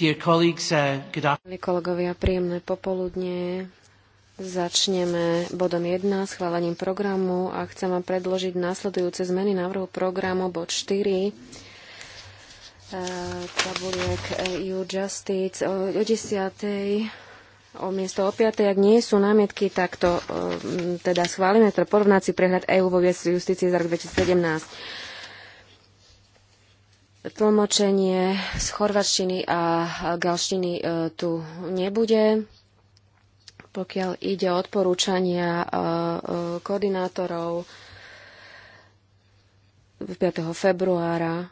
Dear colleagues, uh, good afternoon. Kolegovia, príjemné popoludne Začneme bodom 1, schválením programu a chcem vám predložiť následujúce zmeny návrhu programu bod 4 e, tabuliek EU Justice o, o 10 o miesto o 5. Ak nie sú námietky, tak to um, teda schválime. To porovnáci prehľad EU vo viesť justície za rok 2017. Tlmočenie z chorvačtiny a galštiny e, tu nebude. Pokiaľ ide o odporúčania e, e, koordinátorov 5. februára,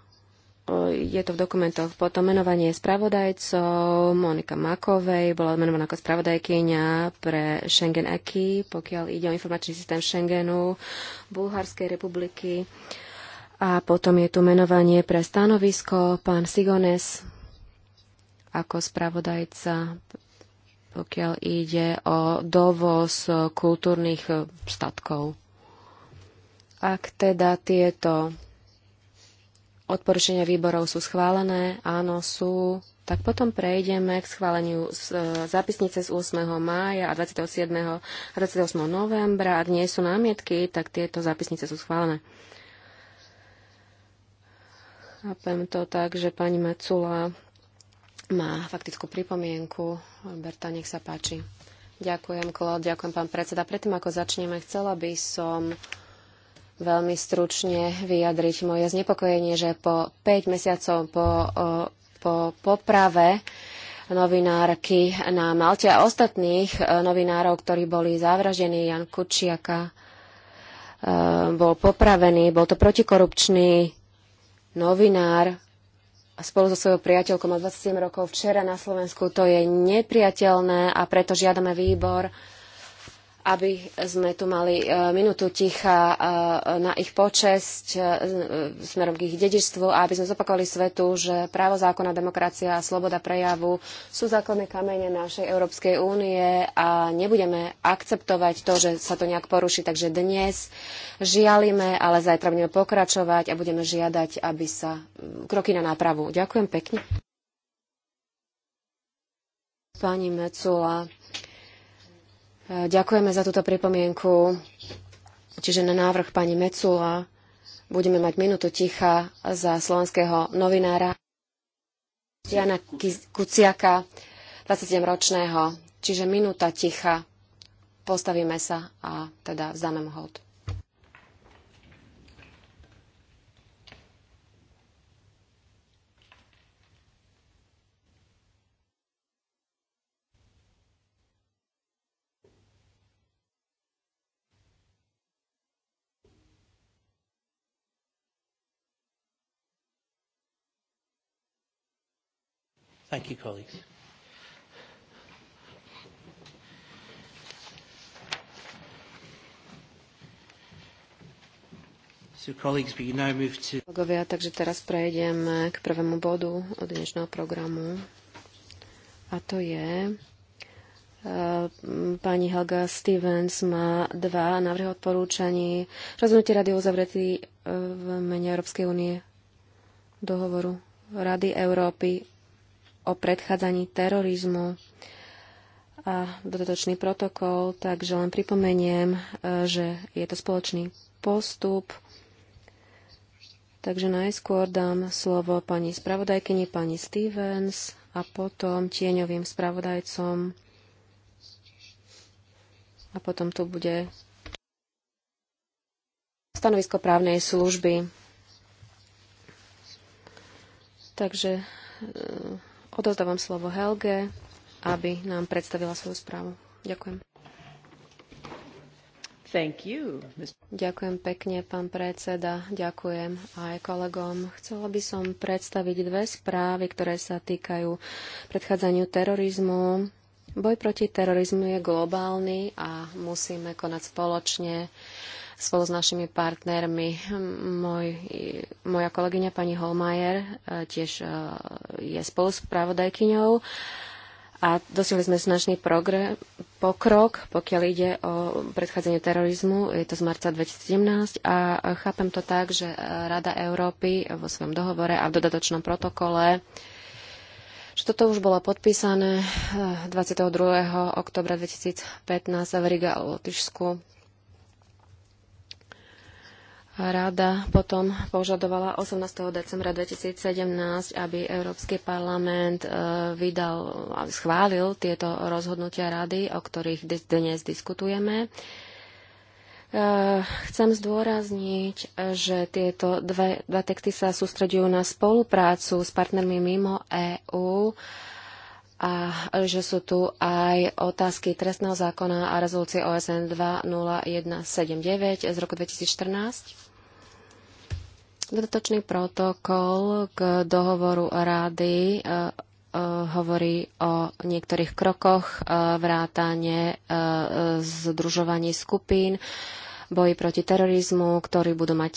je to v dokumentoch potom menovanie spravodajcov. Monika Makovej bola menovaná ako spravodajkyňa pre Schengen Aki, pokiaľ ide o informačný systém Schengenu Bulharskej republiky. Uh, a potom je tu menovanie pre stanovisko pán Sigones ako spravodajca, pokiaľ ide o dovoz kultúrnych statkov. Ak teda tieto odporúčania výborov sú schválené, áno, sú, tak potom prejdeme k schváleniu z, e, zápisnice z 8. mája a 27. a 28. novembra. Ak nie sú námietky, tak tieto zápisnice sú schválené. Chápem to tak, že pani Macula má faktickú pripomienku. Berta, nech sa páči. Ďakujem, Klod, ďakujem, pán predseda. Predtým, ako začneme, chcela by som veľmi stručne vyjadriť moje znepokojenie, že po 5 mesiacov po, po poprave novinárky na Malte a ostatných e, novinárov, ktorí boli zavraždení, Jan Kučiaka e, bol popravený, bol to protikorupčný novinár a spolu so svojou priateľkou má 27 rokov včera na Slovensku. To je nepriateľné a preto žiadame výbor, aby sme tu mali e, minútu ticha e, na ich počesť e, smerom k ich dedičstvu a aby sme zopakovali svetu, že právo zákona, demokracia a sloboda prejavu sú základné kamene našej Európskej únie a nebudeme akceptovať to, že sa to nejak poruší. Takže dnes žialime, ale zajtra budeme pokračovať a budeme žiadať, aby sa kroky na nápravu. Ďakujem pekne. Pani Mecula. Ďakujeme za túto pripomienku. Čiže na návrh pani Mecula budeme mať minútu ticha za slovenského novinára Jana Kuciaka, 27-ročného. Čiže minúta ticha, postavíme sa a teda vzdáme mu hold. Thank you, colleagues. So, colleagues, we now move to... Kolegovia, takže teraz prejdem k prvému bodu od dnešného programu. A to je eh, pani Helga Stevens má dva návrhy odporúčaní. Rozhodnutie rady o zavretí eh, v mene Európskej únie dohovoru Rady Európy o predchádzaní terorizmu a dodatočný protokol, takže len pripomeniem, e, že je to spoločný postup. Takže najskôr dám slovo pani spravodajkyni, pani Stevens a potom tieňovým spravodajcom. A potom tu bude stanovisko právnej služby. Takže e, Odozdávam slovo Helge, aby nám predstavila svoju správu. Ďakujem. Thank you, Ďakujem pekne, pán predseda. Ďakujem aj kolegom. Chcela by som predstaviť dve správy, ktoré sa týkajú predchádzaniu terorizmu. Boj proti terorizmu je globálny a musíme konať spoločne. Uh, spolu s našimi partnermi. Moj, moja kolegyňa pani Holmajer e, tiež e, je spolu s pravodajkyňou a dosiahli sme značný progre, pokrok, pokiaľ ide o predchádzanie terorizmu. Je to z marca 2017 a chápem to tak, že Rada Európy vo svojom dohovore a v dodatočnom protokole že toto už bolo podpísané 22. E, oktobra 2015 v Riga a Lotyšsku Rada potom požadovala 18. decembra 2017, aby Európsky parlament e, vydal a schválil tieto rozhodnutia rady, o ktorých dnes diskutujeme. E, chcem zdôrazniť, že tieto dve, dva texty sa sústredujú na spoluprácu s partnermi mimo EÚ a že sú tu aj otázky trestného zákona a rezolúcie OSN 20179 z roku 2014 Dodatočný protokol k dohovoru rády e, e, hovorí o niektorých krokoch e, vrátane združovaní skupín, boji proti terorizmu, ktorí budú mať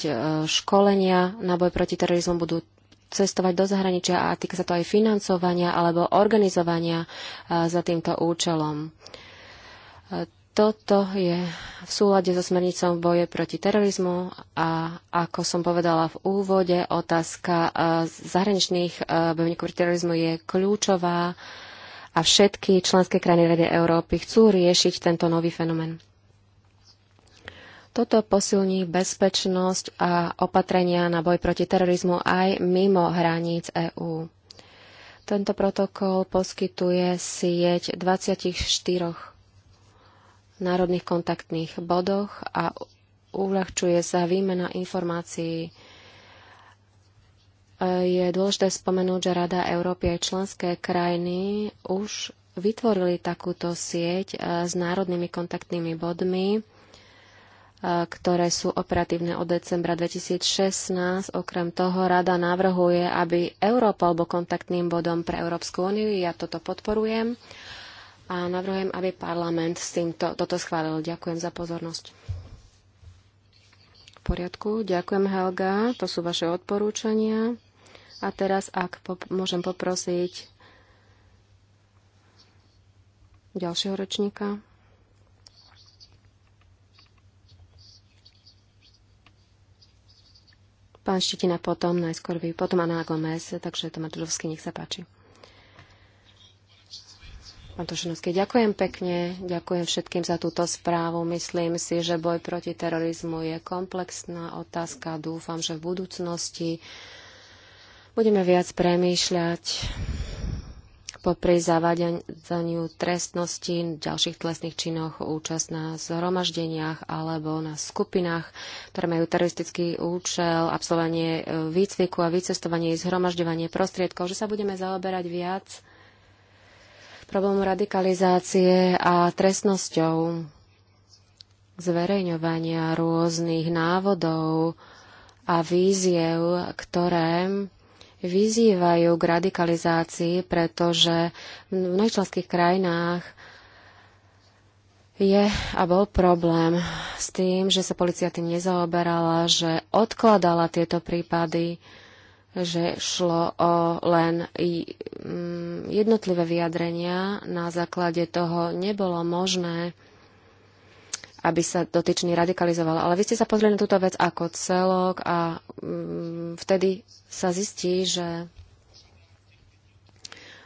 školenia na boj proti terorizmu, budú cestovať do zahraničia a týka sa to aj financovania alebo organizovania za týmto účelom. Toto je v súlade so smernicou boje proti terorizmu a ako som povedala v úvode, otázka e, zahraničných e, bojovníkov proti terorizmu je kľúčová a všetky členské krajiny Rady Európy chcú riešiť tento nový fenomén. Toto posilní bezpečnosť a opatrenia na boj proti terorizmu aj mimo hraníc EÚ. Tento protokol poskytuje sieť 24 národných kontaktných bodoch a uľahčuje sa výmena informácií. Je dôležité spomenúť, že Rada Európy aj členské krajiny už vytvorili takúto sieť e, s národnými kontaktnými bodmi, e, ktoré sú operatívne od decembra 2016. Okrem toho rada navrhuje, aby Európa alebo kontaktným bodom pre Európsku úniu, ja toto podporujem, a navrhujem, aby parlament s týmto toto schválil. Ďakujem za pozornosť. V poriadku, ďakujem Helga, to sú vaše odporúčania. A teraz, ak pop- môžem poprosiť ďalšieho ročníka. Pán Štitina potom, najskôr vy, potom Anna Gomez, takže Tomáš Dudovský, nech sa páči. Pán Tošenovský, ďakujem pekne, ďakujem všetkým za túto správu. Myslím si, že boj proti terorizmu je komplexná otázka. Dúfam, že v budúcnosti budeme viac premýšľať popri zavádeniu trestnosti, ďalších trestných činoch, účasť na zhromaždeniach alebo na skupinách, ktoré majú teroristický účel, absolvovanie výcviku a vycestovanie, zhromažďovanie prostriedkov, že sa budeme zaoberať viac problému radikalizácie a trestnosťou zverejňovania rôznych návodov a víziev, ktoré vyzývajú k radikalizácii, pretože v mnohých členských krajinách je a bol problém s tým, že sa policia tým nezaoberala, že odkladala tieto prípady že šlo o len mm, jednotlivé vyjadrenia. Na základe toho nebolo možné, aby sa dotyčný radikalizoval. Ale vy ste sa pozreli na túto vec ako celok a mm, vtedy sa zistí, že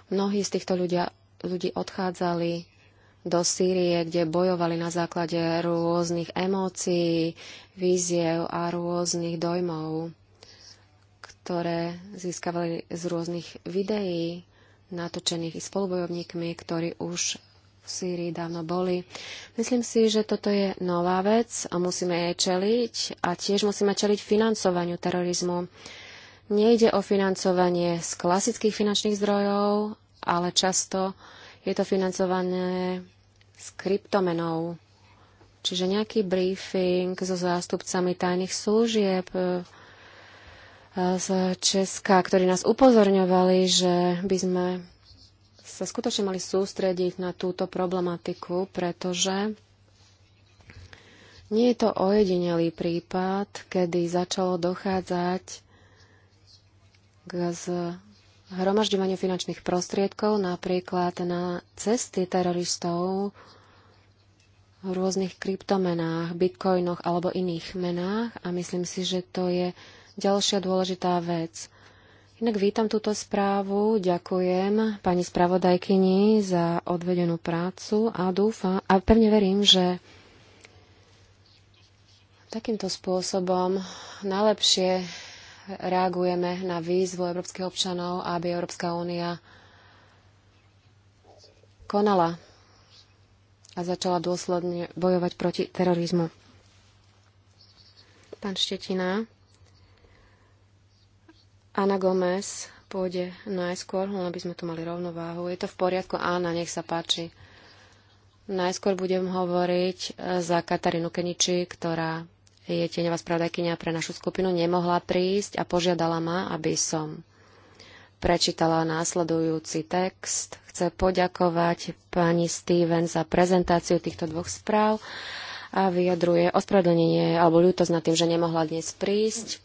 mnohí z týchto ľudia, ľudí odchádzali do Sýrie, kde bojovali na základe rôznych emócií, víziev a rôznych dojmov ktoré získavali z rôznych videí natočených i spolubojovníkmi, ktorí už v Sýrii dávno boli. Myslím si, že toto je nová vec a musíme jej čeliť a tiež musíme čeliť financovaniu terorizmu. Nejde o financovanie z klasických finančných zdrojov, ale často je to financované s kryptomenou. Čiže nejaký briefing so zástupcami tajných služieb, z Česka, ktorí nás upozorňovali, že by sme sa skutočne mali sústrediť na túto problematiku, pretože nie je to ojedinelý prípad, kedy začalo dochádzať k zhromažďovaniu finančných prostriedkov napríklad na cesty teroristov v rôznych kryptomenách, bitcoinoch alebo iných menách a myslím si, že to je Ďalšia dôležitá vec. Inak vítam túto správu, ďakujem pani spravodajkyni za odvedenú prácu a dúfam a pevne verím, že takýmto spôsobom najlepšie reagujeme na výzvu európskych občanov, aby Európska únia konala a začala dôsledne bojovať proti terorizmu. Pán Štetina. Ana Gomez pôjde najskôr, len aby sme tu mali rovnováhu. Je to v poriadku? Ána, nech sa páči. Najskôr budem hovoriť e, za Katarínu Keniči, ktorá je tieňová spravodajkynia pre našu skupinu, nemohla prísť a požiadala ma, aby som prečítala následujúci text. Chce poďakovať pani Steven za prezentáciu týchto dvoch správ a vyjadruje ospravedlnenie alebo ľútosť nad tým, že nemohla dnes prísť.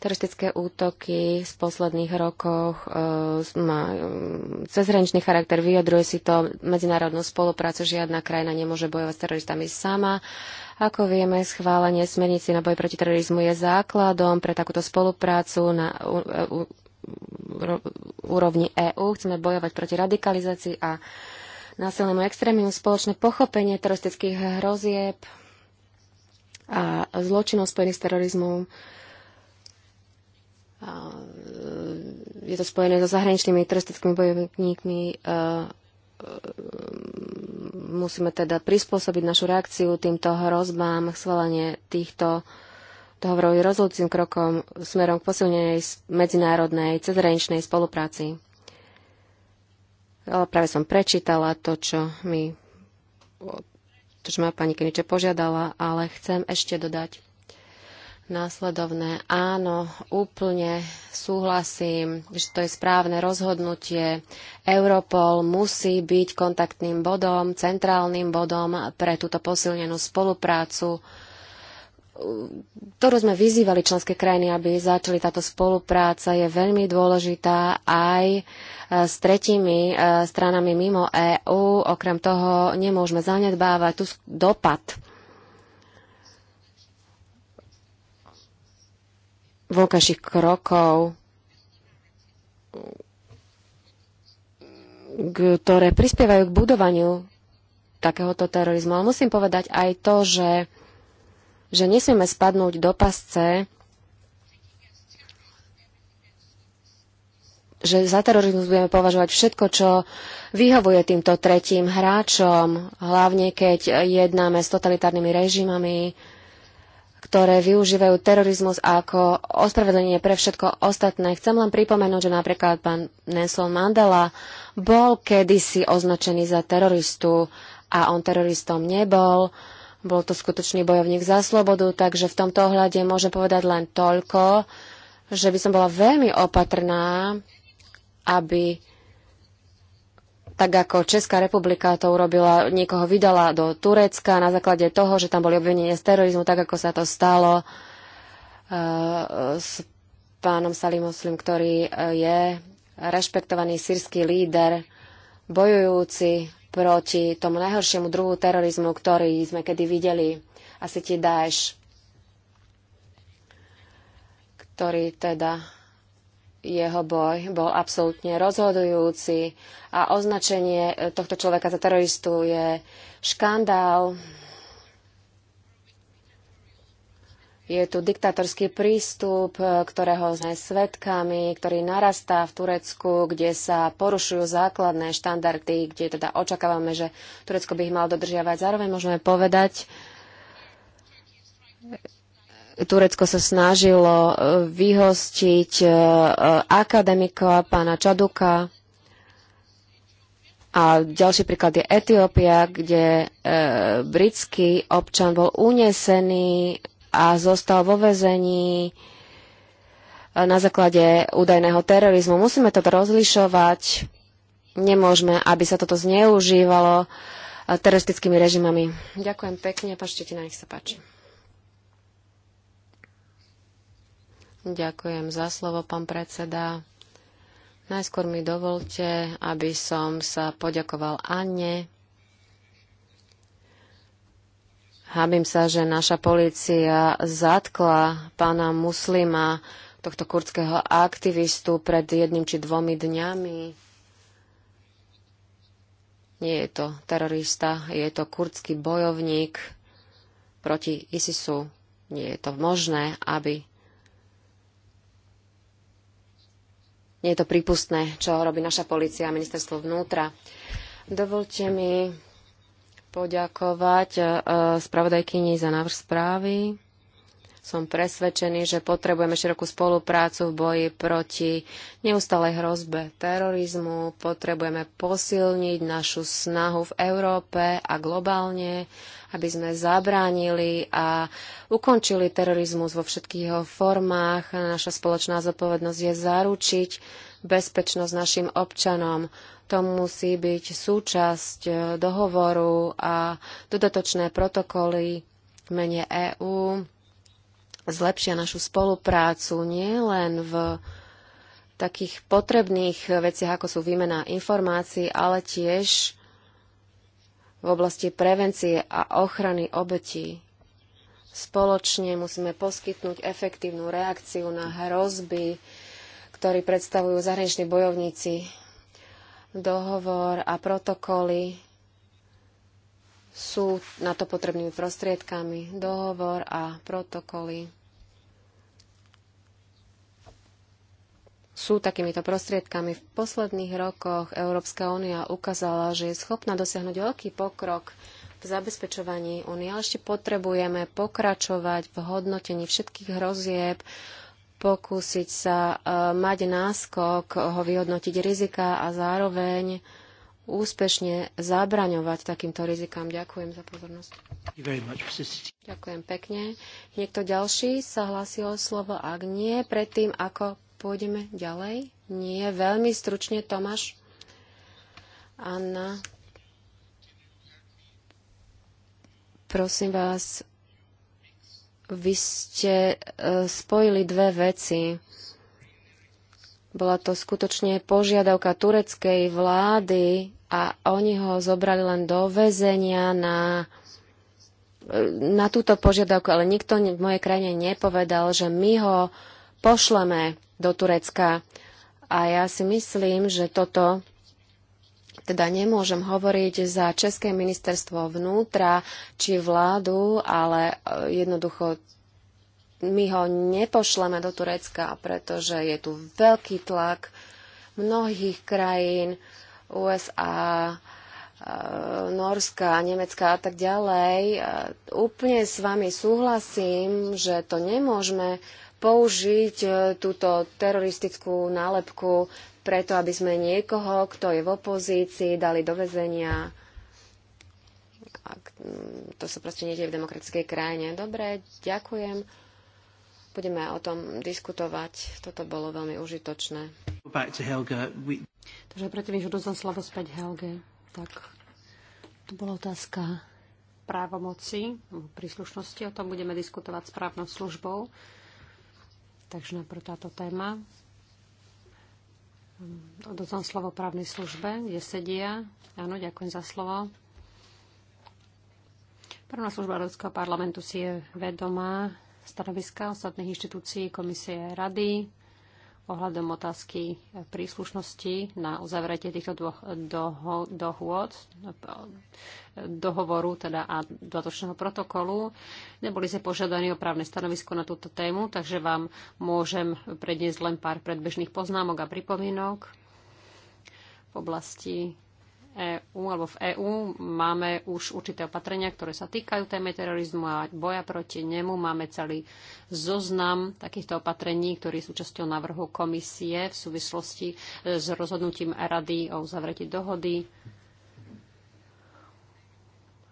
Teroristické útoky z posledných rokoch e, má e, cezhraničný charakter, vyjadruje si to medzinárodnú spoluprácu. Žiadna krajina nemôže bojovať s teroristami sama. Ako vieme, schválenie smernici na boj proti terorizmu je základom pre takúto spoluprácu na úrovni EÚ. Chceme bojovať proti radikalizácii a násilnému extrémizmu, spoločné pochopenie teroristických hrozieb a zločinov spojených s terorizmom E, je to spojené so zahraničnými teroristickými bojovníkmi. E, e, musíme teda prispôsobiť našu reakciu týmto hrozbám, schválenie týchto dohovorov je rozhodujúcim krokom smerom k posilnenej medzinárodnej cezhraničnej spolupráci. Ale práve som prečítala to, čo mi to, čo ma pani Keniče požiadala, ale chcem ešte dodať následovné. Áno, úplne súhlasím, že to je správne rozhodnutie. Europol musí byť kontaktným bodom, centrálnym bodom pre túto posilnenú spoluprácu ktorú sme vyzývali členské krajiny, aby začali táto spolupráca, je veľmi dôležitá aj e, s tretími e, stranami mimo EÚ. Okrem toho nemôžeme zanedbávať tu dopad vonkajších krokov, ktoré prispievajú k budovaniu takéhoto terorizmu. Ale musím povedať aj to, že, že nesmieme spadnúť do pasce, že za terorizmus budeme považovať všetko, čo vyhovuje týmto tretím hráčom, hlavne keď jednáme s totalitárnymi režimami, ktoré využívajú terorizmus ako ospravedlenie pre všetko ostatné. Chcem len pripomenúť, že napríklad pán Nelson Mandela bol kedysi označený za teroristu a on teroristom nebol. Bol to skutočný bojovník za slobodu, takže v tomto ohľade môžem povedať len toľko, že by som bola veľmi opatrná, aby tak ako Česká republika to urobila, niekoho vydala do Turecka na základe toho, že tam boli obvinenia z terorizmu, tak ako sa to stalo e, s pánom Salimuslim, ktorý e, je rešpektovaný sírsky líder, bojujúci proti tomu najhoršiemu druhu terorizmu, ktorý sme kedy videli, asi ti dáš, ktorý teda jeho boj bol absolútne rozhodujúci a označenie e, tohto človeka za teroristu je škandál. Je tu diktatorský prístup, e, ktorého sme svetkami, ktorý narastá v Turecku, kde sa porušujú základné štandardy, kde teda očakávame, že Turecko by ich mal dodržiavať. Zároveň môžeme povedať, Turecko sa snažilo e, vyhostiť e, akademika pána Čaduka. A ďalší príklad je Etiópia, kde e, britský občan bol unesený a zostal vo vezení na základe údajného terorizmu. Musíme toto rozlišovať. Nemôžeme, aby sa toto zneužívalo teroristickými režimami. Ďakujem pekne, pán Štetina, nech sa páči. Ďakujem za slovo, pán predseda. Najskôr mi dovolte, aby som sa poďakoval Anne. Hábim sa, že naša polícia zatkla pána muslima, tohto kurdského aktivistu, pred jedným či dvomi dňami. Nie je to terorista, je to kurdský bojovník proti ISISu. Nie je to možné, aby Nie je to prípustné, čo robí naša policia a ministerstvo vnútra. Dovolte mi poďakovať eh, spravodajkyni za návrh správy. Som presvedčený, že potrebujeme širokú spoluprácu v boji proti neustalej hrozbe terorizmu. Potrebujeme posilniť našu snahu v Európe a globálne, aby sme zabránili a ukončili terorizmus vo všetkých jeho formách. Naša spoločná zodpovednosť je zaručiť bezpečnosť našim občanom. To musí byť súčasť e, dohovoru a dodatočné protokoly v mene EÚ zlepšia našu spoluprácu nielen v takých potrebných veciach, ako sú výmena informácií, ale tiež v oblasti prevencie a ochrany obetí. Spoločne musíme poskytnúť efektívnu reakciu na hrozby, ktorí predstavujú zahraniční bojovníci. Dohovor a protokoly sú na to potrebnými prostriedkami dohovor a protokoly. Sú takýmito prostriedkami. V posledných rokoch Európska únia ukázala, že je schopná dosiahnuť veľký pokrok v zabezpečovaní únie, ale ešte potrebujeme pokračovať v hodnotení všetkých hrozieb, pokúsiť sa e, mať náskok, ho vyhodnotiť rizika a zároveň úspešne zabraňovať takýmto rizikám. Ďakujem za pozornosť. Ďakujem pekne. Niekto ďalší sa hlási o slovo? Ak nie, predtým ako pôjdeme ďalej? Nie, veľmi stručne, Tomáš. Anna. Prosím vás, vy ste e, spojili dve veci. Bola to skutočne požiadavka tureckej vlády a oni ho zobrali len do väzenia na, na túto požiadavku, ale nikto v mojej krajine nepovedal, že my ho pošleme do Turecka. A ja si myslím, že toto teda nemôžem hovoriť za České ministerstvo vnútra či vládu, ale e, jednoducho my ho nepošleme do Turecka, pretože je tu veľký tlak mnohých krajín, USA, eh, Norska, Nemecka a tak ďalej. Eh, úplne s vami súhlasím, že to nemôžeme použiť eh, túto teroristickú nálepku preto, aby sme niekoho, kto je v opozícii, dali do väzenia. Mm, to sa proste nedieje v demokratickej krajine. Dobre, ďakujem. Budeme o tom diskutovať. Toto bolo veľmi užitočné. Takže predtým, než odozdám slovo späť Helge, tak to bola otázka právomoci, príslušnosti. O tom budeme diskutovať s právnou službou. Takže najprv táto téma. Odozdám hm, slovo právnej službe, kde sedia. Áno, ďakujem za slovo. Právna služba Európskeho parlamentu si je vedomá stanoviska ostatných inštitúcií, komisie rady ohľadom otázky príslušnosti na uzavretie týchto dvoch doho- dohôd, dohovoru teda a dodatočného protokolu. Neboli sa požiadaní o právne stanovisko na túto tému, takže vám môžem predniesť len pár predbežných poznámok a pripomienok v oblasti EÚ alebo v EÚ máme už určité opatrenia, ktoré sa týkajú téme terorizmu a boja proti nemu. Máme celý zoznam takýchto opatrení, ktorý je súčasťou návrhu komisie v súvislosti e, s rozhodnutím Rady o uzavretí dohody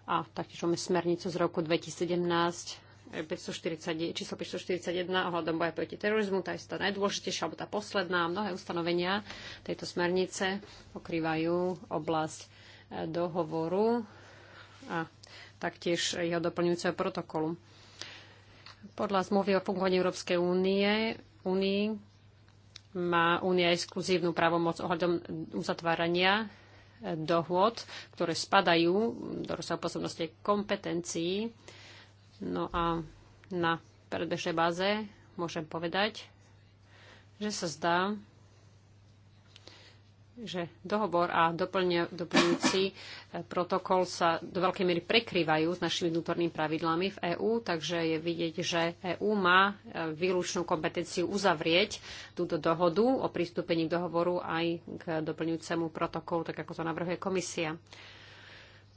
a taktiež máme smernicu z roku 2017 540, číslo 541 ohľadom boja proti terorizmu, tá je tá najdôležitejšia, alebo tá posledná. Mnohé ustanovenia tejto smernice pokrývajú oblasť eh, dohovoru a taktiež jeho doplňujúceho protokolu. Podľa zmluvy o fungovaní Európskej únie únii má únia exkluzívnu právomoc ohľadom uzatvárania eh, dohôd, ktoré spadajú do rozsahu pôsobnosti kompetencií No a na predbežnej báze môžem povedať, že sa zdá, že dohovor a doplňujúci e, protokol sa do veľkej miery prekrývajú s našimi vnútornými pravidlami v EÚ, takže je vidieť, že EÚ má e, výlučnú kompetenciu uzavrieť túto dohodu o pristúpení k dohovoru aj k doplňujúcemu protokolu, tak ako to navrhuje komisia.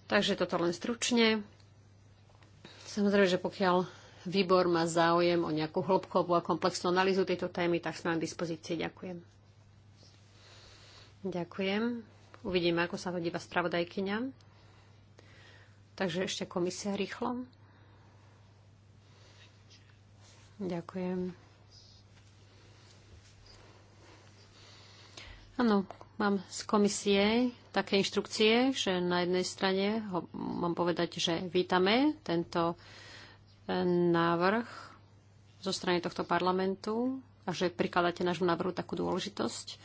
Takže toto len stručne. Samozrejme, že pokiaľ výbor má záujem o nejakú hĺbkovú a komplexnú analýzu tejto témy, tak sme na dispozícii. Ďakujem. Ďakujem. Uvidíme, ako sa hodíva spravodajkyňa. Takže ešte komisia rýchlo. Ďakujem. Áno, mám z komisie také inštrukcie, že na jednej strane ho, mám povedať, že vítame tento e, návrh zo strany tohto parlamentu a že prikladáte nášmu návrhu takú dôležitosť.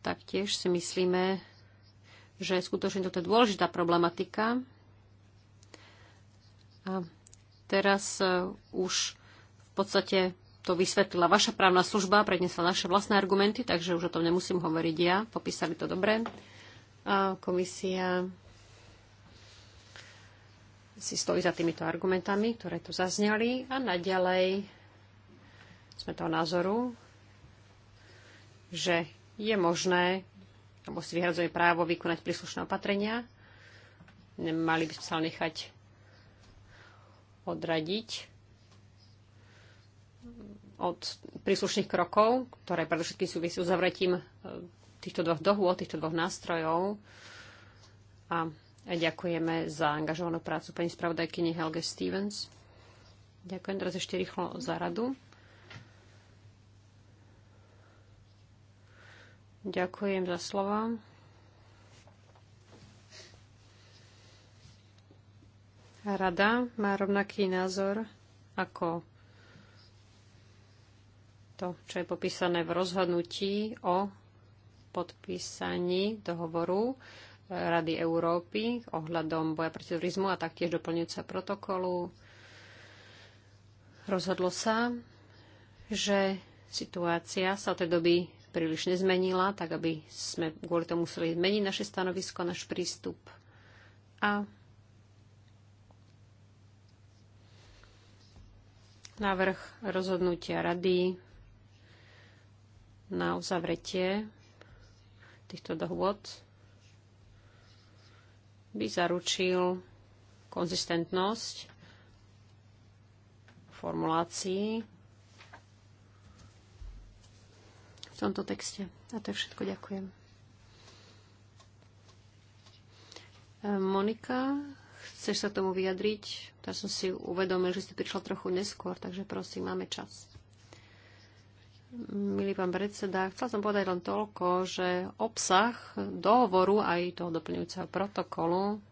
Taktiež si myslíme, že skutočne toto je dôležitá problematika. A teraz e, už v podstate to vysvetlila vaša právna služba, prednesla naše vlastné argumenty, takže už o tom nemusím hovoriť ja, popísali to dobre. A komisia si stojí za týmito argumentami, ktoré tu zazneli a naďalej sme toho názoru, že je možné, alebo si vyhradzuje právo vykonať príslušné opatrenia. Nemali by sme sa nechať odradiť od príslušných krokov, ktoré predovšetkým súvisí s uzavretím e, týchto dvoch dohôd, týchto dvoch nástrojov. A ďakujeme za angažovanú prácu pani spravodajkyni Helge Stevens. Ďakujem teraz ešte rýchlo za radu. Ďakujem za slova. Rada má rovnaký názor ako to, čo je popísané v rozhodnutí o podpísaní dohovoru e, Rady Európy ohľadom boja proti turizmu a taktiež doplňujúca protokolu rozhodlo sa, že situácia sa od tej doby príliš nezmenila, tak aby sme kvôli tomu museli zmeniť naše stanovisko, náš prístup. A návrh rozhodnutia rady na uzavretie týchto dohôd by zaručil konzistentnosť formulácií v tomto texte. A to je všetko. Ďakujem. E, Monika, chceš sa tomu vyjadriť? Ja som si uvedomil, že si prišla trochu neskôr, takže prosím, máme čas. Milý pán predseda, chcel som povedať len toľko, že obsah dohovoru aj toho doplňujúceho protokolu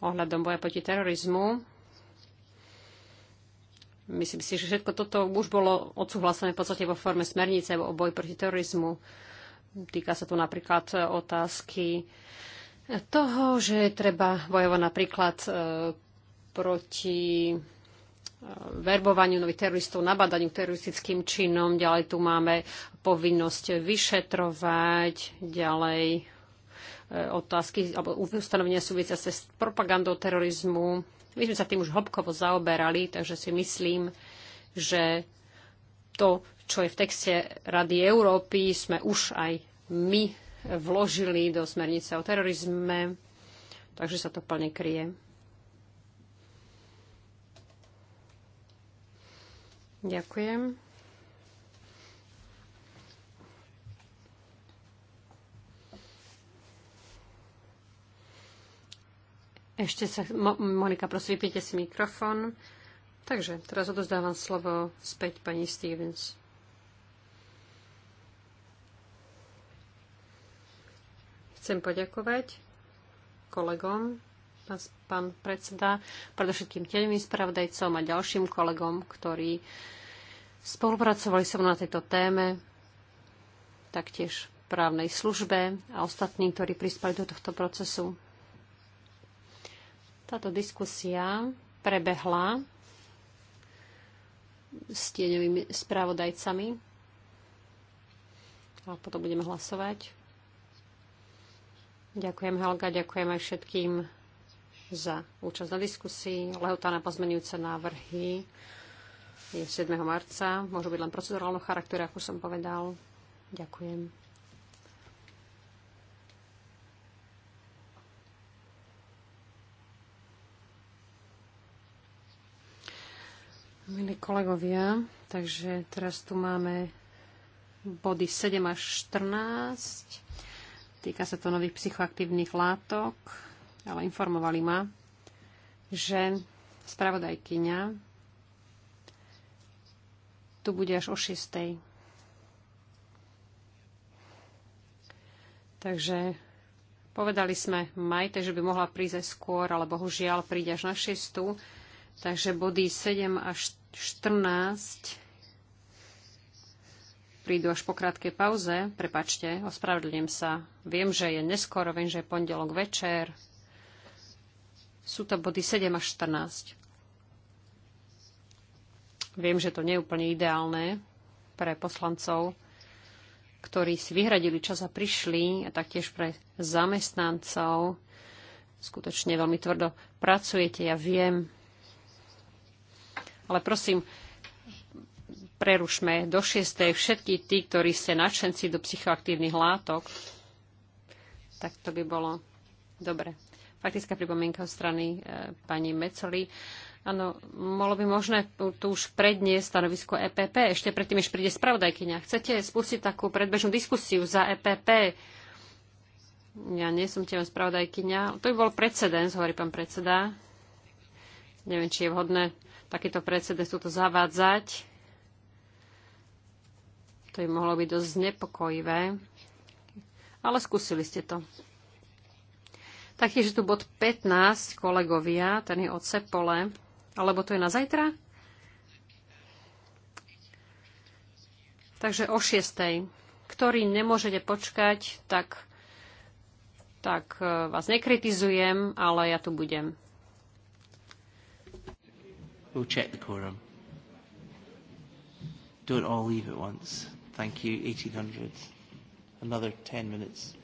ohľadom boja proti terorizmu. Myslím si, že všetko toto už bolo odsúhlasené v podstate vo forme smernice o boji proti terorizmu. Týka sa tu napríklad otázky toho, že treba bojovať napríklad e, proti eh, verbovaniu nových teroristov, nabadaniu teroristickým činom. Ďalej tu máme povinnosť vyšetrovať, ďalej eh, otázky alebo ustanovenia súvisia s propagandou terorizmu. My sme sa tým už hlbkovo zaoberali, takže si myslím, že to, čo je v texte Rady Európy, sme už aj my vložili do smernice o terorizme, takže sa to plne kryje. Ďakujem. Ešte sa, Mo- Monika, prosím, vypnite si mikrofón. Takže, teraz odozdávam slovo späť pani Stevens. Chcem poďakovať kolegom pán, predseda, predovšetkým teným spravodajcom a ďalším kolegom, ktorí spolupracovali som na tejto téme, taktiež právnej službe a ostatní, ktorí prispali do tohto procesu. Táto diskusia prebehla s tieňovými správodajcami a potom budeme hlasovať. Ďakujem Helga, ďakujem aj všetkým za účasť na diskusii. Lehota na pozmenujúce návrhy je 7. marca. Môžu byť len procedurálneho charakteru, ako som povedal. Ďakujem. Milí kolegovia, takže teraz tu máme body 7 až 14. Týka sa to nových psychoaktívnych látok ale informovali ma, že spravodajkyňa tu bude až o 6. Takže povedali sme majte, že by mohla prísť aj skôr, ale bohužiaľ príde až na 6. Takže body 7 až 14 prídu až po krátkej pauze. Prepačte, ospravedlňujem sa. Viem, že je neskoro, viem, že je pondelok večer, sú to body 7 až 14. Viem, že to nie je úplne ideálne pre poslancov, ktorí si vyhradili čas a prišli, a taktiež pre zamestnancov. Skutočne veľmi tvrdo pracujete, ja viem. Ale prosím, prerušme do 6. všetky tí, ktorí ste nadšenci do psychoaktívnych látok. Tak to by bolo dobre. Faktická pripomienka strany e, pani Mecoli. Áno, bolo by možné tu už predniesť stanovisko EPP, ešte predtým, než príde spravodajkyňa. Chcete spustiť takú predbežnú diskusiu za EPP? Ja nie som tiež spravodajkyňa. To by bol precedens, hovorí pán predseda. Neviem, či je vhodné takýto precedens túto zavádzať. To by mohlo byť dosť znepokojivé. Ale skúsili ste to. Taktiež je tu bod 15, kolegovia, ten je od Sepole. Alebo to je na zajtra? Takže o 6. Ktorý nemôžete počkať, tak, tak e, vás nekritizujem, ale ja tu budem. We'll check the quorum. Don't all leave at once. Thank you, 1800. Another 10 minutes.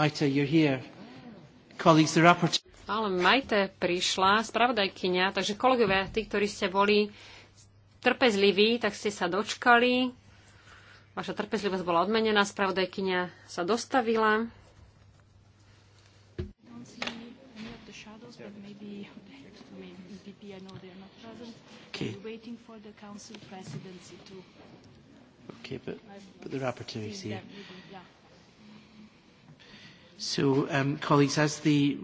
Maite, you're here. Colleagues, the rapporteur... Ale Majte prišla, spravodajkyňa, takže kolegovia, tí, ktorí ste boli trpezliví, tak ste sa dočkali. Vaša trpezlivosť bola odmenená, spravodajkyňa sa dostavila. Okay. Okay, but, but the rapporteur is here. So, um, colleagues, as the...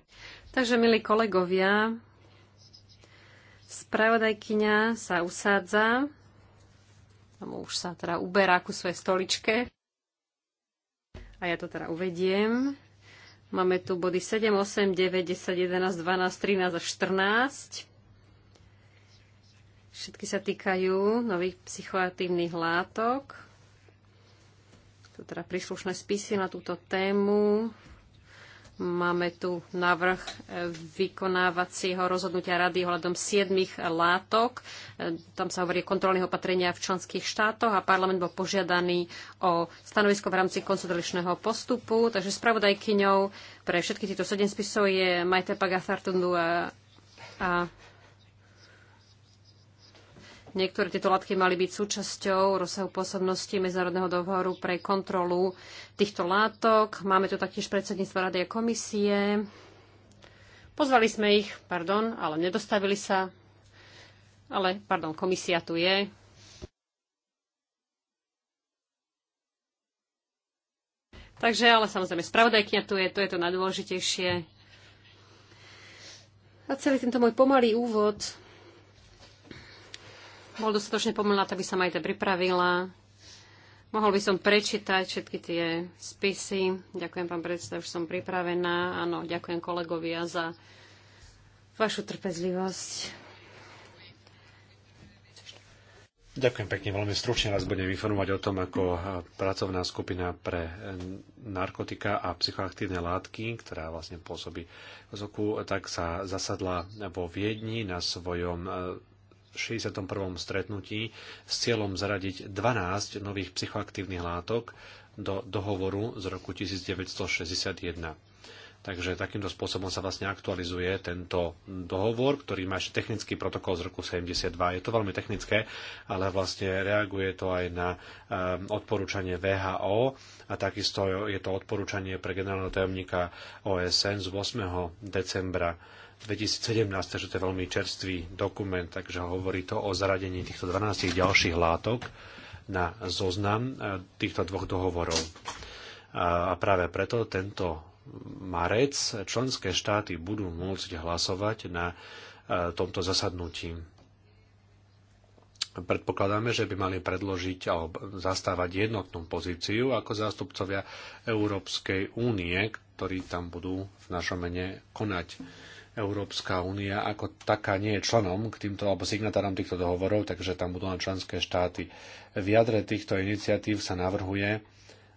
Takže, milí kolegovia, spravodajkyňa sa usádza, už sa teda uberá ku svojej stoličke. A ja to teda uvediem. Máme tu body 7, 8, 9, 10, 11, 12, 13 a 14. Všetky sa týkajú nových psychoaktívnych látok. Tu teda príslušné spisy na túto tému. Máme tu navrh e, vykonávacieho rozhodnutia rady ohľadom siedmých látok. E, tam sa hovorí o kontrolných opatreniach v členských štátoch a parlament bol požiadaný o stanovisko v rámci konsultačného postupu. Takže spravodajkyňou pre všetky tieto sedem spisov je Majte Pagathartundu a, a Niektoré tieto látky mali byť súčasťou rozsahu pôsobnosti Medzinárodného dohovoru pre kontrolu týchto látok. Máme tu taktiež predsedníctvo Rady a komisie. Pozvali sme ich, pardon, ale nedostavili sa. Ale, pardon, komisia tu je. Takže, ale samozrejme, spravodajkňa tu je, to je to najdôležitejšie. A celý tento môj pomalý úvod bol dostatočne pomlná, aby som aj to pripravila. Mohol by som prečítať všetky tie spisy. Ďakujem, pán predseda, už som pripravená. Áno, ďakujem kolegovia za vašu trpezlivosť. Ďakujem pekne, veľmi stručne vás budem informovať o tom, ako pracovná skupina pre narkotika a psychoaktívne látky, ktorá vlastne pôsobí v Zoku, tak sa zasadla vo Viedni na svojom 61. stretnutí s cieľom zaradiť 12 nových psychoaktívnych látok do dohovoru z roku 1961. Takže takýmto spôsobom sa vlastne aktualizuje tento dohovor, ktorý má ešte technický protokol z roku 72. Je to veľmi technické, ale vlastne reaguje to aj na ehm, odporúčanie VHO a takisto je to odporúčanie pre generálneho tajomníka OSN z 8. decembra 2017, takže to je veľmi čerstvý dokument, takže hovorí to o zaradení týchto 12 ďalších látok na zoznam e, týchto dvoch dohovorov. A práve preto tento marec členské štáty budú môcť hlasovať na e, tomto zasadnutí. Predpokladáme, že by mali predložiť alebo zastávať jednotnú pozíciu ako zástupcovia Európskej únie, ktorí tam budú v našom mene konať. Európska únia ako taká nie je členom k týmto alebo signatárom týchto dohovorov, takže tam budú len členské štáty. V jadre týchto iniciatív sa navrhuje,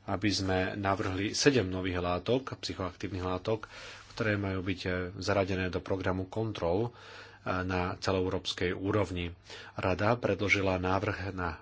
aby sme navrhli 7 nových látok, psychoaktívnych látok, ktoré majú byť eh, zaradené do programu kontrol na celoeurópskej úrovni. Rada predložila návrh na,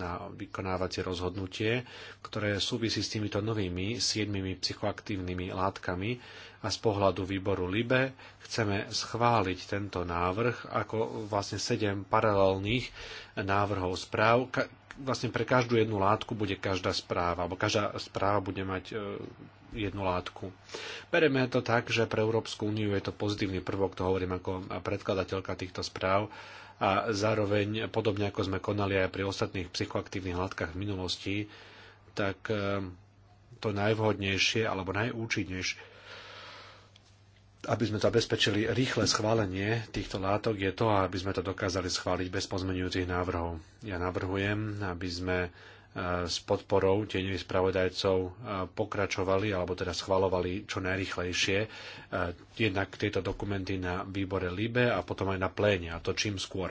na vykonávacie rozhodnutie, ktoré súvisí s týmito novými siedmimi psychoaktívnymi látkami a z pohľadu výboru LIBE chceme schváliť tento návrh ako vlastne sedem paralelných návrhov správ, vlastne pre každú jednu látku bude každá správa, alebo každá správa bude mať e, jednu látku. Bereme to tak, že pre Európsku úniu je to pozitívny prvok, to hovorím ako predkladateľka týchto správ, a zároveň, podobne ako sme konali aj pri ostatných psychoaktívnych látkach v minulosti, tak e, to najvhodnejšie alebo najúčinnejšie aby sme zabezpečili rýchle schválenie týchto látok, je to, aby sme to dokázali schváliť bez pozmenujúcich návrhov. Ja navrhujem, aby sme s podporou tieňových spravodajcov e, pokračovali, alebo teda schvalovali čo najrychlejšie e, jednak tieto dokumenty na výbore LIBE a potom aj na pléne, a to čím skôr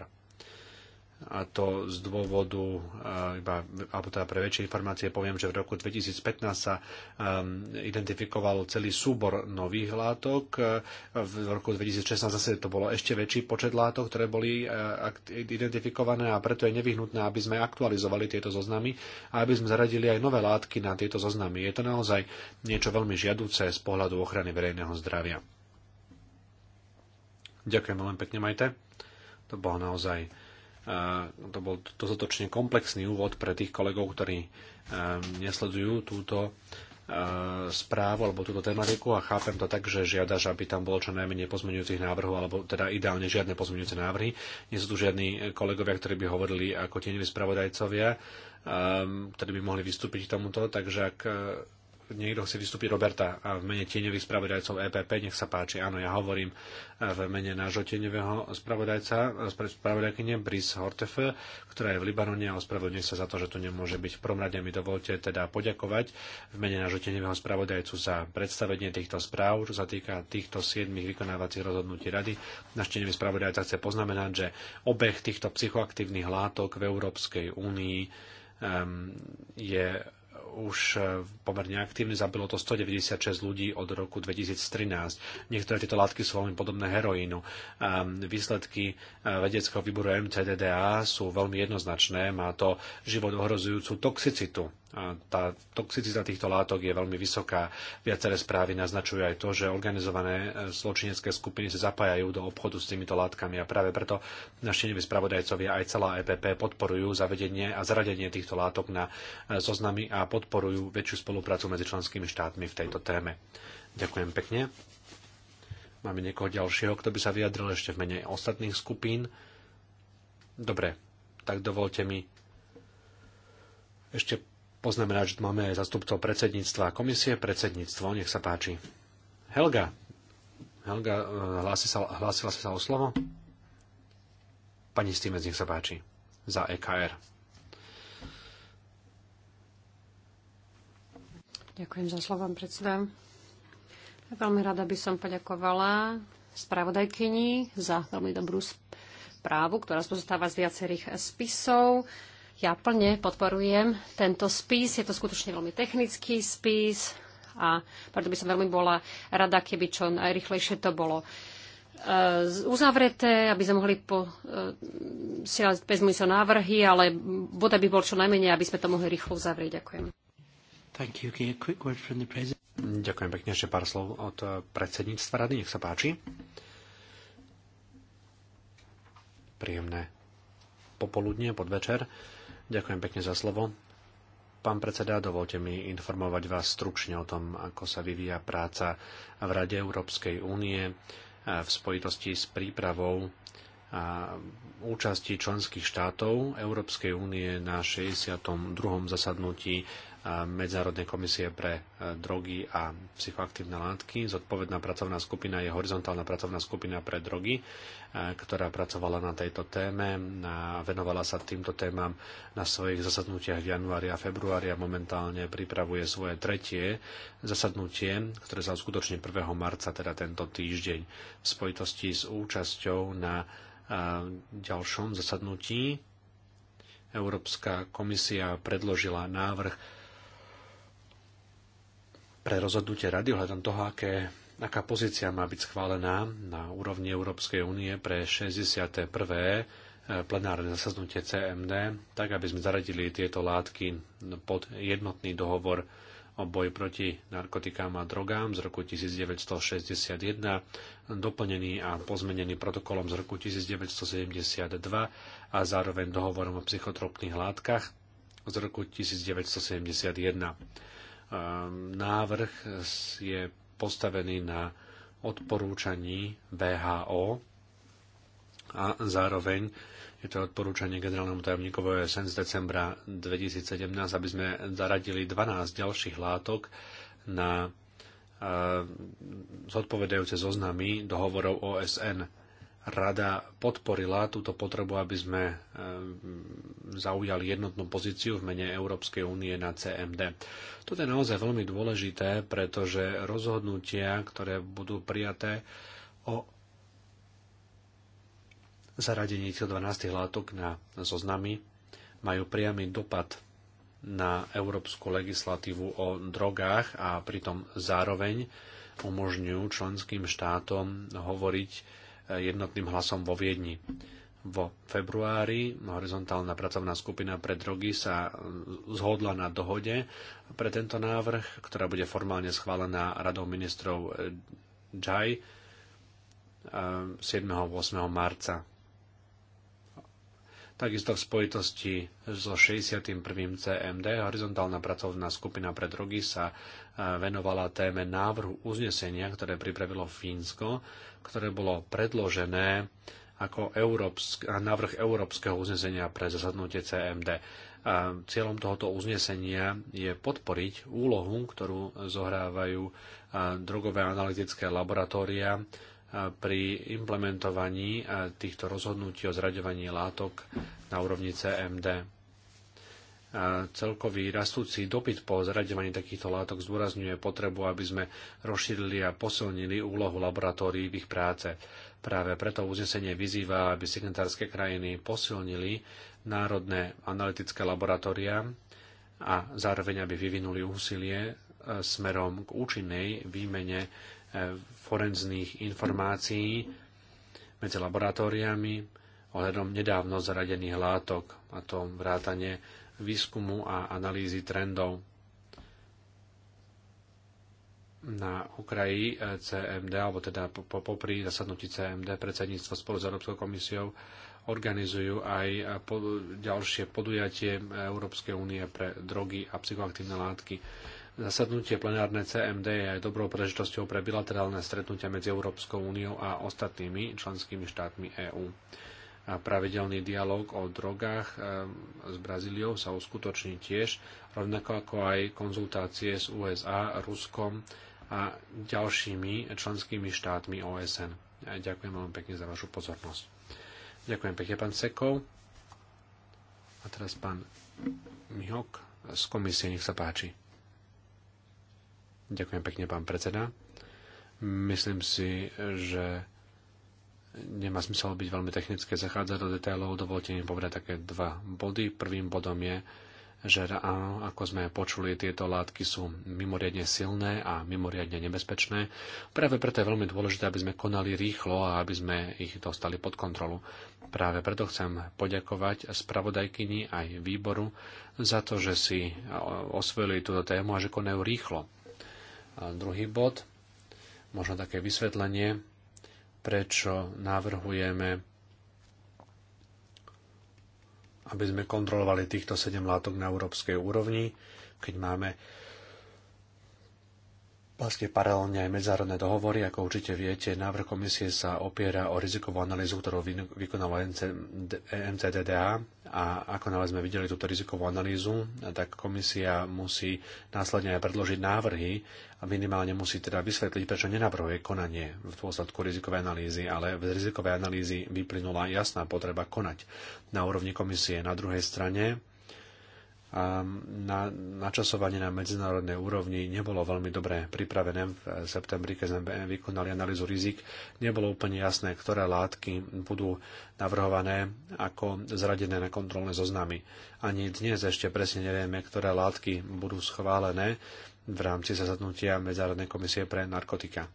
a to z dôvodu, eh, iba, alebo teda pre väčšie informácie poviem, že v roku 2015 sa um, identifikoval celý súbor nových látok, eh, v roku 2016 zase to bolo ešte väčší počet látok, ktoré boli uh, identifikované a preto je nevyhnutné, aby sme aktualizovali tieto zoznamy a aby sme zaradili aj nové látky na tieto zoznamy. Je to naozaj niečo veľmi žiaduce z pohľadu ochrany verejného zdravia. Ďakujem veľmi pekne, Majte. To bolo naozaj to bol dostatočne komplexný úvod pre tých kolegov, ktorí e, nesledujú túto e, správu alebo túto tematiku a chápem to tak, že žiadaš, aby tam bolo čo najmenej pozmeňujúcich návrhov, alebo teda ideálne žiadne pozmeňujúce návrhy. Nie sú tu žiadni kolegovia, ktorí by hovorili ako tieňoví spravodajcovia, e, ktorí by mohli vystúpiť k tomuto, takže ak niekto chce vystúpiť Roberta a v mene tieňových spravodajcov EPP, nech sa páči, áno, ja hovorím v mene nášho tieňového spravodajca, spravodajkyne Brice Hortefe, ktorá je v Libanone a ospravedlňuje sa za to, že tu nemôže byť. V prvom rade mi dovolte teda poďakovať v mene nášho tieňového spravodajcu za predstavenie týchto správ, čo sa týka týchto siedmých vykonávacích rozhodnutí rady. Náš tieňový spravodajca chce poznamenať, že obeh týchto psychoaktívnych látok v Európskej únii um, je už e, pomerne aktívne, zabilo to 196 ľudí od roku 2013. Niektoré tieto látky sú veľmi podobné heroínu. Výsledky e, vedeckého výboru MCDDA sú veľmi jednoznačné, má to život ohrozujúcu toxicitu tá toxicita týchto látok je veľmi vysoká. Viaceré správy naznačujú aj to, že organizované e, zločinecké skupiny sa zapájajú do obchodu s týmito látkami a práve preto naštívili spravodajcovia aj celá EPP podporujú zavedenie a zradenie týchto látok na e, zoznamy a podporujú väčšiu spoluprácu medzi členskými štátmi v tejto téme. Ďakujem pekne. Máme niekoho ďalšieho, kto by sa vyjadril ešte v mene ostatných skupín. Dobre, tak dovolte mi ešte poznamenať, že tu máme aj zastupcov predsedníctva komisie, predsedníctvo, nech sa páči. Helga, Helga eh, hlási sa, hlásila sa o slovo. Pani Stimec, nech sa páči, za EKR. Ďakujem za slovo, predseda. Veľmi rada by som poďakovala spravodajkyni za veľmi dobrú správu, ktorá spozostáva z viacerých spisov. Ja plne podporujem tento spis. Je to skutočne veľmi technický spis a preto by som veľmi bola rada, keby čo najrychlejšie to bolo e, uzavreté, aby sme mohli po, bez bezmysel návrhy, ale voda by bol čo najmenej, aby sme to mohli rýchlo uzavrieť. Ďakujem. Thank you. Okay, a quick word from the Ďakujem pekne, ešte pár slov od e, predsedníctva rady, nech sa páči. Príjemné popoludne, podvečer. Ďakujem pekne za slovo. Pán predseda, dovolte mi informovať vás stručne o tom, ako sa vyvíja práca v Rade Európskej únie v spojitosti s prípravou a účasti členských štátov Európskej únie na 62. zasadnutí Medzárodnej komisie pre e, drogy a psychoaktívne látky. Zodpovedná pracovná skupina je horizontálna pracovná skupina pre drogy, e, ktorá pracovala na tejto téme a venovala sa týmto témam na svojich zasadnutiach v januári a februári a momentálne pripravuje svoje tretie zasadnutie, ktoré sa uskutoční 1. marca, teda tento týždeň, v spojitosti s účasťou na e, ďalšom zasadnutí Európska komisia predložila návrh pre rozhodnutie rady ohľadom toho, aké, aká pozícia má byť schválená na úrovni Európskej únie pre 61 eh, plenárne zasadnutie CMD, tak aby sme zaradili tieto látky pod jednotný dohovor o boji proti narkotikám a drogám z roku 1961, doplnený a pozmenený protokolom z roku 1972 a zároveň dohovorom o psychotropných látkach z roku 1971. Ehm, návrh je postavený na odporúčaní VHO a zároveň je to odporúčanie generálnemu tajomníkovi OSN z decembra 2017, aby sme zaradili 12 ďalších látok na ehm, zodpovedajúce zoznamy dohovorov OSN rada podporila túto potrebu, aby sme e, zaujali jednotnú pozíciu v mene Európskej únie na CMD. Toto je naozaj veľmi dôležité, pretože rozhodnutia, ktoré budú prijaté o zaradení týchto 12 látok na zoznamy, majú priamy dopad na európsku legislatívu o drogách a pritom zároveň umožňujú členským štátom hovoriť jednotným hlasom vo Viedni. Vo februári horizontálna pracovná skupina pre drogy sa zhodla na dohode pre tento návrh, ktorá bude formálne schválená radou ministrov JAI eh, 7. a 8. marca Takisto v spojitosti so 61. CMD horizontálna pracovná skupina pre drogy sa e, venovala téme návrhu uznesenia, ktoré pripravilo Fínsko, ktoré bolo predložené ako európsk, návrh európskeho uznesenia pre zasadnutie CMD. A e, cieľom tohoto uznesenia je podporiť úlohu, ktorú zohrávajú e, drogové analytické laboratória pri implementovaní eh, týchto rozhodnutí o zraďovaní látok na úrovni CMD. Eh, celkový rastúci dopyt po zraďovaní takýchto látok zdôrazňuje potrebu, aby sme rozšírili a posilnili úlohu laboratórií v ich práce. Práve preto uznesenie vyzýva, aby signatárske krajiny posilnili národné analytické laboratória a zároveň aby vyvinuli úsilie eh, smerom k účinnej výmene forenzných informácií medzi laboratóriami ohľadom nedávno zaradených látok, a to vrátanie výskumu a analýzy trendov. Na okraji eh, CMD, alebo teda popri zasadnutí CMD predsedníctvo spolu s Európskou komisiou organizujú aj eh, ďalšie podujatie eh, Európskej únie pre drogy a psychoaktívne látky Zasadnutie plenárne CMD je aj dobrou príležitosťou pre bilaterálne stretnutia medzi Európskou úniou a ostatnými členskými štátmi EÚ. A pravidelný dialog o drogách e, s Brazíliou sa uskutoční tiež, rovnako ako aj konzultácie s USA, Ruskom a ďalšími členskými štátmi OSN. A ďakujem veľmi pekne za vašu pozornosť. Ďakujem pekne, pán Sekov. A teraz pán Mihok z komisie, nech sa páči. Ďakujem pekne, pán predseda. Myslím si, že nemá smysel byť veľmi technické, zachádzať do detailov. Dovolte mi povedať také dva body. Prvým bodom je, že áno, ako sme počuli, tieto látky sú mimoriadne silné a mimoriadne nebezpečné. Práve preto je veľmi dôležité, aby sme konali rýchlo a aby sme ich dostali pod kontrolu. Práve preto chcem poďakovať spravodajkyni aj výboru za to, že si osvojili túto tému a že konajú rýchlo. A druhý bod, možno také vysvetlenie, prečo navrhujeme, aby sme kontrolovali týchto 7 látok na európskej úrovni, keď máme vlastne paralelne aj medzárodné dohovory. Ako určite viete, návrh komisie sa opiera o rizikovú analýzu, ktorú vykonala MCDDA a ako nále sme videli túto rizikovú analýzu, tak komisia musí následne aj predložiť návrhy a minimálne musí teda vysvetliť, prečo nenavrhuje konanie v dôsledku rizikovej analýzy, ale z rizikovej analýzy vyplynula jasná potreba konať na úrovni komisie. Na druhej strane na, načasovanie na medzinárodnej úrovni nebolo veľmi dobre pripravené v septembri, keď sme vykonali analýzu rizik. Nebolo úplne jasné, ktoré látky budú navrhované ako zradené na kontrolné zoznamy. Ani dnes ešte presne nevieme, ktoré látky budú schválené v rámci zasadnutia Medzárodnej komisie pre narkotika.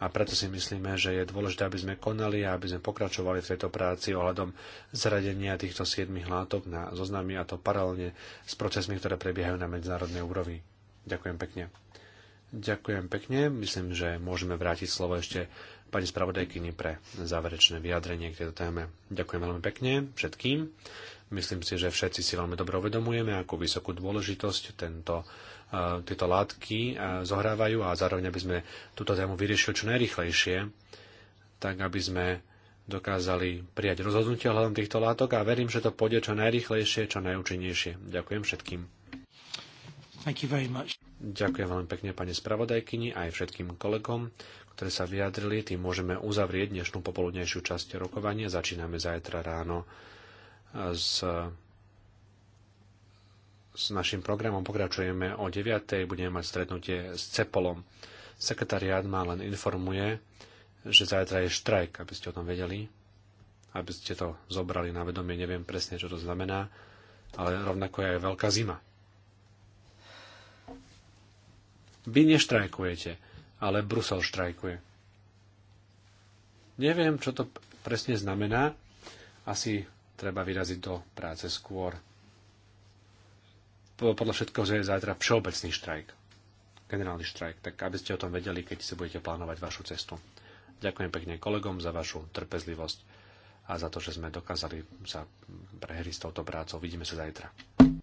A preto si myslíme, že je dôležité, aby sme konali a aby sme pokračovali v tejto práci ohľadom zradenia týchto siedmých látok na zoznamy a to paralelne s procesmi, ktoré prebiehajú na medzinárodnej úrovni. Ďakujem pekne. Ďakujem pekne. Myslím, že môžeme vrátiť slovo ešte pani spravodajkyni pre záverečné vyjadrenie k tejto téme. Ďakujem veľmi pekne všetkým. Myslím si, že všetci si veľmi dobre uvedomujeme, akú vysokú dôležitosť tento, e, tieto látky e, zohrávajú a zároveň, aby sme túto tému vyriešili čo najrychlejšie, tak aby sme dokázali prijať rozhodnutia hľadom týchto látok a verím, že to pôjde čo najrychlejšie, čo najúčinnejšie. Ďakujem všetkým. Thank you very much. Ďakujem veľmi pekne pani spravodajkyni aj všetkým kolegom, ktoré sa vyjadrili. Tým môžeme uzavrieť dnešnú popoludnejšiu časť rokovania. Začíname zajtra ráno s, s našim programom. Pokračujeme o 9. Budeme mať stretnutie s Cepolom. Sekretariát ma len informuje, že zajtra je štrajk, aby ste o tom vedeli, aby ste to zobrali na vedomie, neviem presne, čo to znamená, ale rovnako je aj veľká zima. Vy neštrajkujete, ale Brusel štrajkuje. Neviem, čo to presne znamená. Asi treba vyraziť do práce skôr. Podľa všetkého, že je zajtra všeobecný štrajk, generálny štrajk, tak aby ste o tom vedeli, keď si budete plánovať vašu cestu. Ďakujem pekne kolegom za vašu trpezlivosť a za to, že sme dokázali sa prehriť s touto prácou. Vidíme sa zajtra.